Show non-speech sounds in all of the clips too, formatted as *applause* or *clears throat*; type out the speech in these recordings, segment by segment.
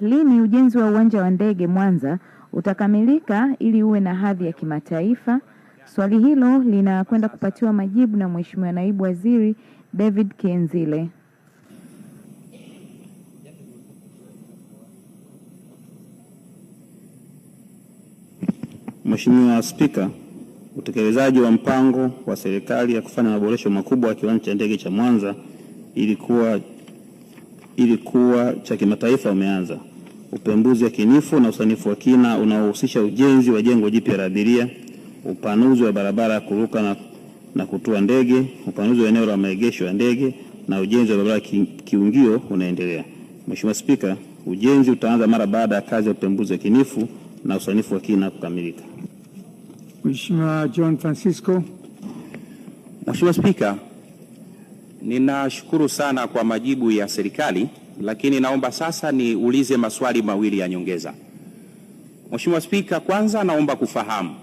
lini ujenzi wa uwanja wa ndege Mwanza utakamilika ili uwe na hadhi ya kimataifa? Swali hilo linakwenda kupatiwa majibu na Mheshimiwa Naibu Waziri David kienzile Mheshimiwa Spika, utekelezaji wa mpango wa serikali ya kufanya maboresho makubwa ya kiwanja cha ndege cha Mwanza ilikuwa ili kuwa cha kimataifa umeanza upembuzi wa kinifu na usanifu wa kina unaohusisha ujenzi wa jengo jipya la abiria, upanuzi wa barabara ya kuruka na, na kutua ndege, upanuzi wa eneo la maegesho ya ndege na ujenzi wa barabara ki, kiungio unaendelea. Mheshimiwa Spika, ujenzi utaanza mara baada ya kazi ya upembuzi wa kinifu na usanifu wa kina kukamilika. Mheshimiwa John Francisco. Mheshimiwa Spika, Ninashukuru sana kwa majibu ya serikali, lakini naomba sasa niulize maswali mawili ya nyongeza. Mheshimiwa Spika, kwanza naomba kufahamu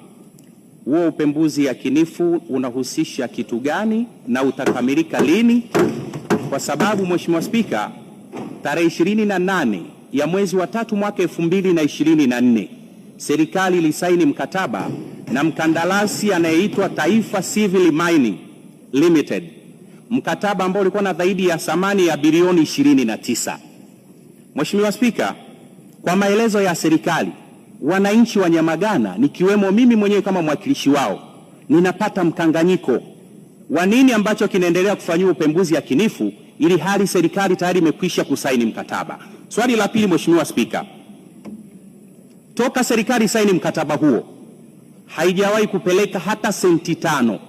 huo upembuzi yakinifu unahusisha kitu gani na utakamilika lini? Kwa sababu Mheshimiwa Spika, tarehe ishirini na nane ya mwezi wa tatu mwaka elfu mbili na ishirini na nne serikali ilisaini mkataba na mkandarasi anayeitwa Taifa Civil Mining Limited mkataba ambao ulikuwa na zaidi ya thamani ya bilioni 29. Mheshimiwa Spika, kwa maelezo ya serikali, wananchi wa Nyamagana nikiwemo mimi mwenyewe kama mwakilishi wao, ninapata mkanganyiko wa nini ambacho kinaendelea kufanyiwa upembuzi yakinifu ili hali serikali tayari imekwisha kusaini mkataba. Swali la pili, Mheshimiwa Spika, toka serikali saini mkataba huo haijawahi kupeleka hata senti tano,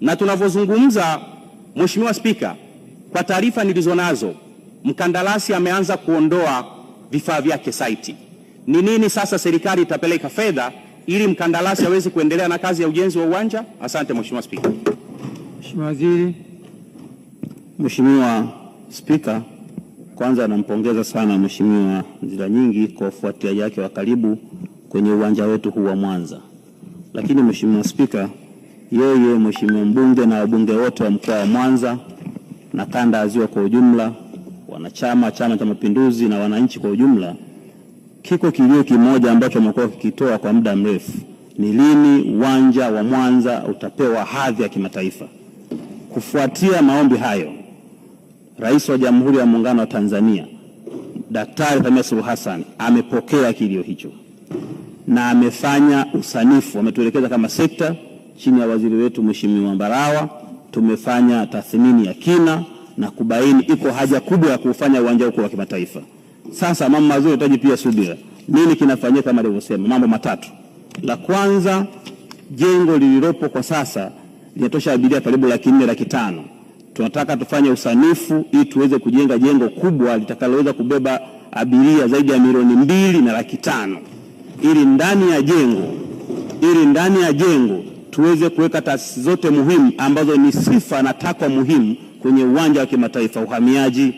na tunavyozungumza Mheshimiwa Spika, kwa taarifa nilizo nazo mkandarasi ameanza kuondoa vifaa vyake saiti. Ni nini sasa serikali itapeleka fedha ili mkandarasi aweze kuendelea na kazi ya ujenzi wa uwanja? Asante Mheshimiwa Spika. Mheshimiwa Waziri. Mheshimiwa Spika, kwanza nampongeza sana Mheshimiwa nyingi kwa ufuatiliaji wake wa karibu kwenye uwanja wetu huu wa Mwanza. Lakini Mheshimiwa Spika, yeye, mheshimiwa mbunge na wabunge wote wa mkoa wa Mwanza na kanda ya Ziwa kwa ujumla, wanachama Chama cha Mapinduzi na wananchi kwa ujumla, kiko kilio kimoja ambacho wamekuwa kikitoa kwa muda mrefu: ni lini uwanja wa Mwanza utapewa hadhi ya kimataifa? Kufuatia maombi hayo, Rais wa Jamhuri ya Muungano wa Tanzania Daktari Samia Suluhu Hassan amepokea kilio hicho na amefanya usanifu, ametuelekeza kama sekta chini ya waziri wetu Mheshimiwa Mbarawa tumefanya tathmini ya kina na kubaini iko haja kubwa ya kufanya uwanja huko wa kimataifa. Sasa mambo mazuri yanahitaji pia subira. Nini kinafanyika? Kama alivyosema, mambo matatu. La kwanza, jengo lililopo kwa sasa linatosha abiria karibu laki nne laki tano. Tunataka tufanye usanifu ili tuweze kujenga jengo kubwa litakaloweza kubeba abiria zaidi ya milioni mbili na laki tano ili ndani ya jengo ili ndani ya jengo tuweze kuweka taasisi zote muhimu ambazo ni sifa na takwa muhimu kwenye uwanja wa kimataifa, uhamiaji,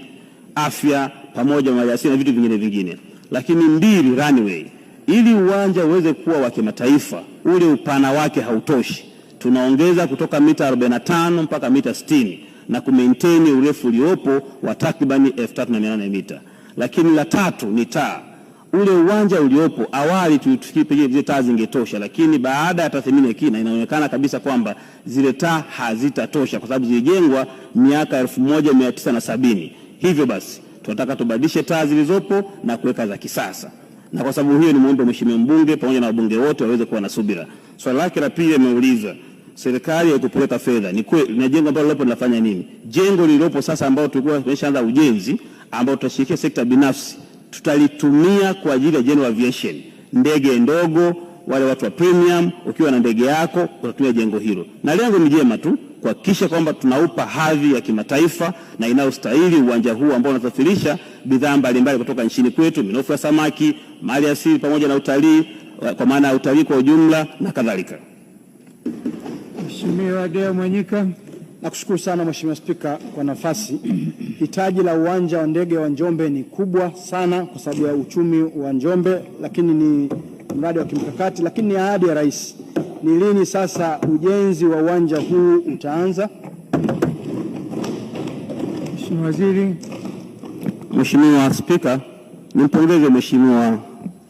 afya, pamoja na maliasili na vitu vingine vingine. Lakini mbili, runway, ili uwanja uweze kuwa wa kimataifa, ule upana wake hautoshi, tunaongeza kutoka mita 45 mpaka mita 60 na kumaintain urefu uliopo wa takribani 3800 mita. Lakini la tatu ni taa ule uwanja uliopo awali tulifikiri pengine zile taa zingetosha, lakini baada ya tathmini ya kina inaonekana kabisa kwamba zile taa hazitatosha kwa sababu zilijengwa miaka elfu moja mia tisa na sabini. Hivyo basi tunataka tubadilishe taa zilizopo na kuweka za kisasa, na kwa sababu hiyo ni muombe mheshimiwa mbunge pamoja na wabunge wote waweze kuwa na subira. Swali lake la pili ameuliza serikali haikupeleka fedha. Ni kweli, na jengo ambalo lilopo linafanya nini? Jengo lililopo sasa ambao tulikuwa tumeshaanza ujenzi ambao tutashirikia sekta binafsi tutalitumia kwa ajili ya general aviation, ndege ndogo, wale watu wa premium. Ukiwa na ndege yako utatumia jengo hilo, na lengo ni jema tu kuhakikisha kwamba tunaupa hadhi ya kimataifa na inayostahili uwanja huu ambao unasafirisha bidhaa mbalimbali kutoka nchini kwetu, minofu ya samaki, mali asili, pamoja na utalii, eh, kwa maana ya utalii kwa ujumla na kadhalika. Mheshimiwa Deo Mwanyika. Nakushukuru sana Mheshimiwa Spika kwa nafasi. *clears throat* Hitaji la uwanja wa ndege wa Njombe ni kubwa sana kwa sababu ya uchumi wa Njombe, lakini ni mradi wa kimkakati, lakini ni ahadi ya Rais. Ni lini sasa ujenzi wa uwanja huu utaanza? Mheshimiwa Waziri. Mheshimiwa Spika, nimpongeze Mheshimiwa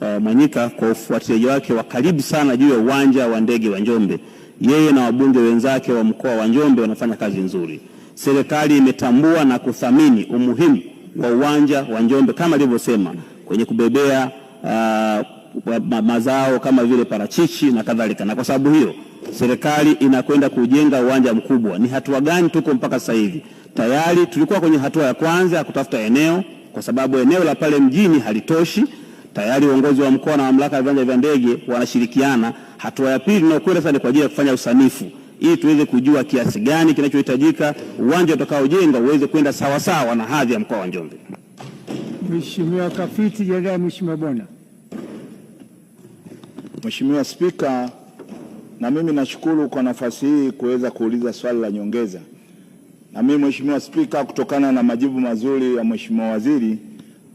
uh, Mwanyika kwa ufuatiliaji wake wa karibu sana juu ya uwanja wa ndege wa Njombe yeye na wabunge wenzake wa mkoa wa Njombe wanafanya kazi nzuri. Serikali imetambua na kuthamini umuhimu wa uwanja wa Njombe kama alivyosema kwenye kubebea uh, mazao kama vile parachichi na kadhalika, na kwa sababu hiyo serikali inakwenda kujenga uwanja mkubwa. Ni hatua gani tuko mpaka sasa hivi? Tayari tulikuwa kwenye hatua ya kwanza ya kutafuta eneo, kwa sababu eneo la pale mjini halitoshi. Tayari uongozi wa mkoa na mamlaka ya viwanja vya ndege wanashirikiana Hatua ya pili tunayokwenda sasa ni kwa ajili ya kufanya usanifu ili tuweze kujua kiasi gani kinachohitajika, uwanja utakaojenga uweze kwenda sawasawa na hadhi ya mkoa wa Njombe. Mheshimiwa Kafiti Jedaya. Mheshimiwa Bona. Mheshimiwa Spika, na mimi nashukuru kwa nafasi hii kuweza kuuliza swali la nyongeza. Na mimi Mheshimiwa Spika, kutokana na majibu mazuri ya Mheshimiwa Waziri,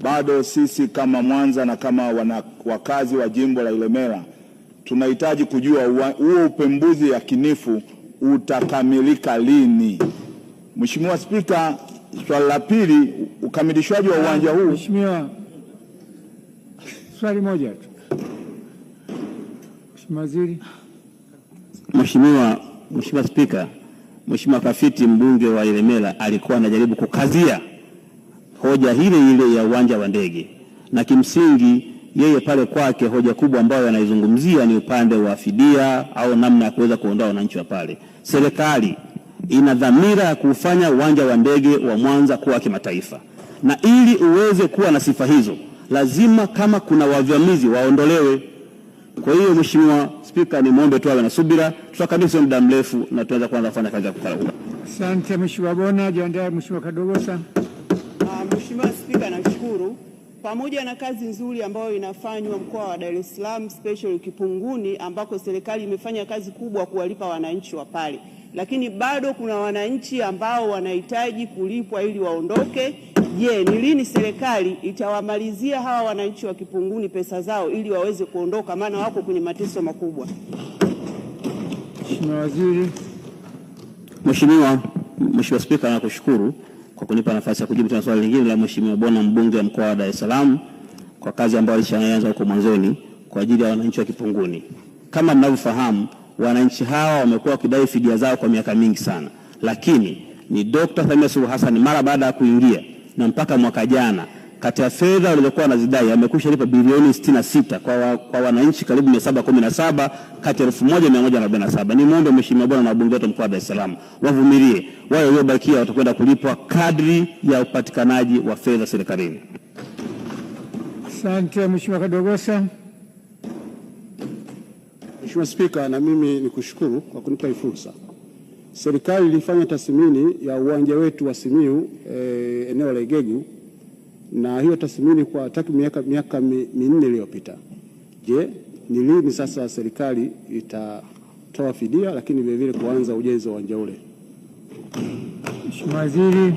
bado sisi kama Mwanza na kama wana, wakazi wa jimbo la Ilemela tunahitaji kujua huo upembuzi yakinifu utakamilika lini. Mheshimiwa Spika, swali la pili, ukamilishwaji wa uwanja huu. Mheshimiwa, swali moja tu. Mheshimiwa Waziri. Mheshimiwa Mheshimiwa Spika, Mheshimiwa Kafiti mbunge wa Ilemela alikuwa anajaribu kukazia hoja ile ile ya uwanja wa ndege na kimsingi yeye pale kwake hoja kubwa ambayo anaizungumzia ni upande wa fidia au namna ya kuweza kuondoa wananchi wa pale. Serikali ina dhamira ya kuufanya uwanja wa ndege wa Mwanza kuwa kimataifa, na ili uweze kuwa na sifa hizo lazima kama kuna wavamizi waondolewe. Kwa hiyo Mheshimiwa Spika, mwombe tu awe na subira, tutakabili muda mrefu na tunaweza kuanza kufanya kazi ya kukarabati. Asante Mheshimiwa Bona, jiandae Mheshimiwa Kadogosa. Ah, Mheshimiwa Spika, namshukuru pamoja na kazi nzuri ambayo inafanywa mkoa wa Dar es Salaam special Kipunguni, ambako serikali imefanya kazi kubwa kuwalipa wananchi wa pale, lakini bado kuna wananchi ambao wanahitaji kulipwa ili waondoke. Je, ni lini serikali itawamalizia hawa wananchi wa Kipunguni pesa zao ili waweze kuondoka, maana wako kwenye mateso makubwa? Mheshimiwa Waziri. Mheshimiwa Mheshimiwa Spika, nakushukuru kwa kunipa nafasi ya kujibu tena swali lingine la Mheshimiwa Bona, mbunge wa mkoa wa Dar es Salaam, kwa kazi ambayo alishaanza huko mwanzoni kwa ajili ya wananchi wa Kipunguni. Kama mnavyofahamu, wananchi hawa wamekuwa wakidai fidia zao kwa miaka mingi sana, lakini ni Dkt. Samia Suluhu Hassan mara baada ya kuingia na mpaka mwaka jana kati ya fedha walizokuwa wanazidai amekwisha lipa bilioni 66 kwa, wa, kwa wananchi karibu 717 kati ya 1147. Ni muombe Mheshimiwa Bwana na wabunge wetu mkoa wa Dar es Salaam wavumilie, wale waliobakia watakwenda kulipwa kadri ya upatikanaji wa fedha serikalini. Asante Mheshimiwa Kadogosa. Mheshimiwa Spika, na mimi nikushukuru kwa kunipa hii fursa. Serikali ilifanya tathmini ya uwanja wetu wa Simiyu eh, eneo la Igegu na hiyo tathmini kwa takriban miaka, miaka minne iliyopita. Je, ni lini sasa serikali itatoa fidia lakini vile vile kuanza ujenzi wa uwanja ule? Mheshimiwa Waziri.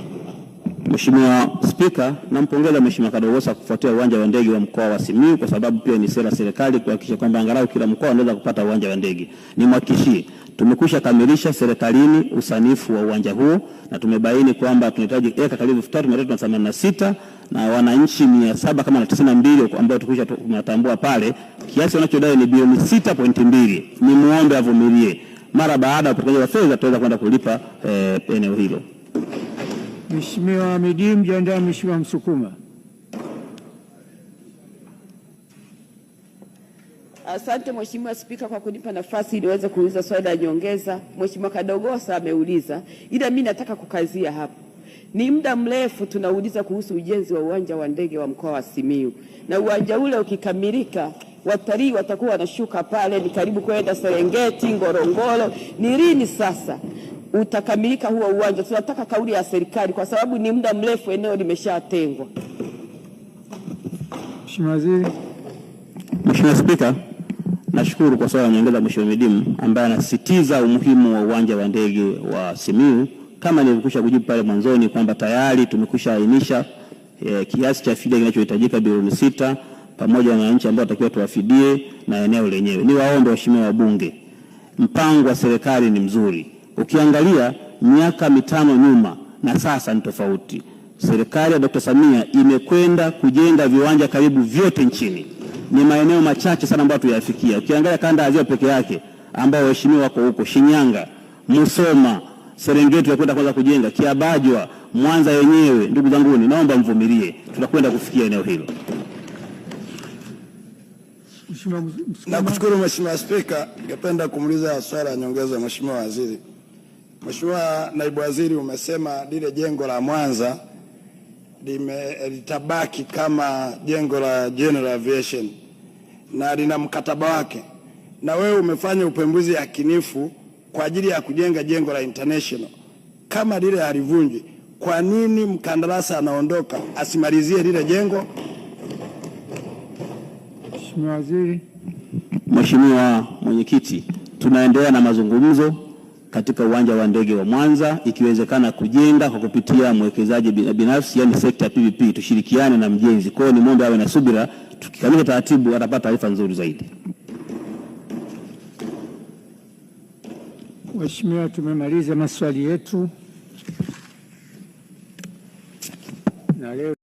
Mheshimiwa Spika, nampongeza Mheshimiwa Kadogosa kufuatia uwanja wa ndege wa mkoa wa Simiyu kwa sababu pia ni sera serikali kuhakikisha kwamba angalau kila mkoa anaweza kupata uwanja wa ndege. Nimhakikishie Tumekwisha kamilisha serikalini usanifu wa uwanja huo na tumebaini kwamba tunahitaji eka karibu 3386 na wananchi 700 kama na 92 ambao tukisha tunatambua pale, kiasi wanachodai ni bilioni 6.2. Ni muombe avumilie, mara baada ya upatikanaji wa fedha tutaweza kwenda kulipa eh, eneo hilo. Mheshimiwa Midim, jiandae Mheshimiwa Msukuma. Asante Mheshimiwa Spika kwa kunipa nafasi niweze kuuliza swali la nyongeza. Mheshimiwa Kadogosa ameuliza, ila mimi nataka kukazia hapo. Ni muda mrefu tunauliza kuhusu ujenzi wa uwanja wa ndege wa mkoa wa Simiyu, na uwanja ule ukikamilika, watalii watakuwa wanashuka pale, ni karibu kwenda Serengeti, Ngorongoro. Ni lini sasa utakamilika huo uwanja? Tunataka kauli ya serikali, kwa sababu ni muda mrefu eneo limeshatengwa. Mheshimiwa Waziri. Mheshimiwa Spika Nashukuru kwa swala nyongeza Mheshimiwa Midimu ambaye anasisitiza umuhimu wa uwanja wa ndege wa Simiyu. Kama nilivyokwisha kujibu pale mwanzoni kwamba tayari tumekwisha ainisha eh, kiasi cha fidia kinachohitajika bilioni sita pamoja na wananchi ambao watakiwa tuwafidie na eneo lenyewe. Niwaombe waheshimiwa wabunge, mpango wa serikali ni mzuri. Ukiangalia miaka mitano nyuma na sasa ni tofauti. Serikali ya Dr. Samia imekwenda kujenga viwanja karibu vyote nchini ni maeneo machache sana ambayo tuyafikia. Ukiangalia kanda ya ziwa peke yake ambayo waheshimiwa wako huko Shinyanga, Musoma, Serengeti tunakwenda kwanza kujenga, Kiabajwa, Mwanza yenyewe. Ndugu zanguni, naomba mvumilie, tutakwenda kufikia eneo hilo. Nakushukuru Mheshimiwa Spika, ningependa kumuuliza swala ya nyongeza Mheshimiwa Waziri. Mheshimiwa Naibu Waziri, umesema lile jengo la Mwanza litabaki kama jengo la General Aviation na lina mkataba wake, na wewe umefanya upembuzi yakinifu kwa ajili ya kujenga jengo la International kama lile halivunjwi, kwa nini mkandarasi anaondoka asimalizie lile jengo? Mheshimiwa Waziri. Mheshimiwa Mwenyekiti, tunaendelea na mazungumzo katika uwanja wa ndege wa Mwanza, ikiwezekana kujenga kwa kupitia mwekezaji binafsi, yani sekta ya PPP, tushirikiane na mjenzi. Kwa hiyo nimwombe awe na subira. Tukikamilisha taratibu, atapata taarifa nzuri zaidi. Mheshimiwa, tumemaliza maswali yetu na leo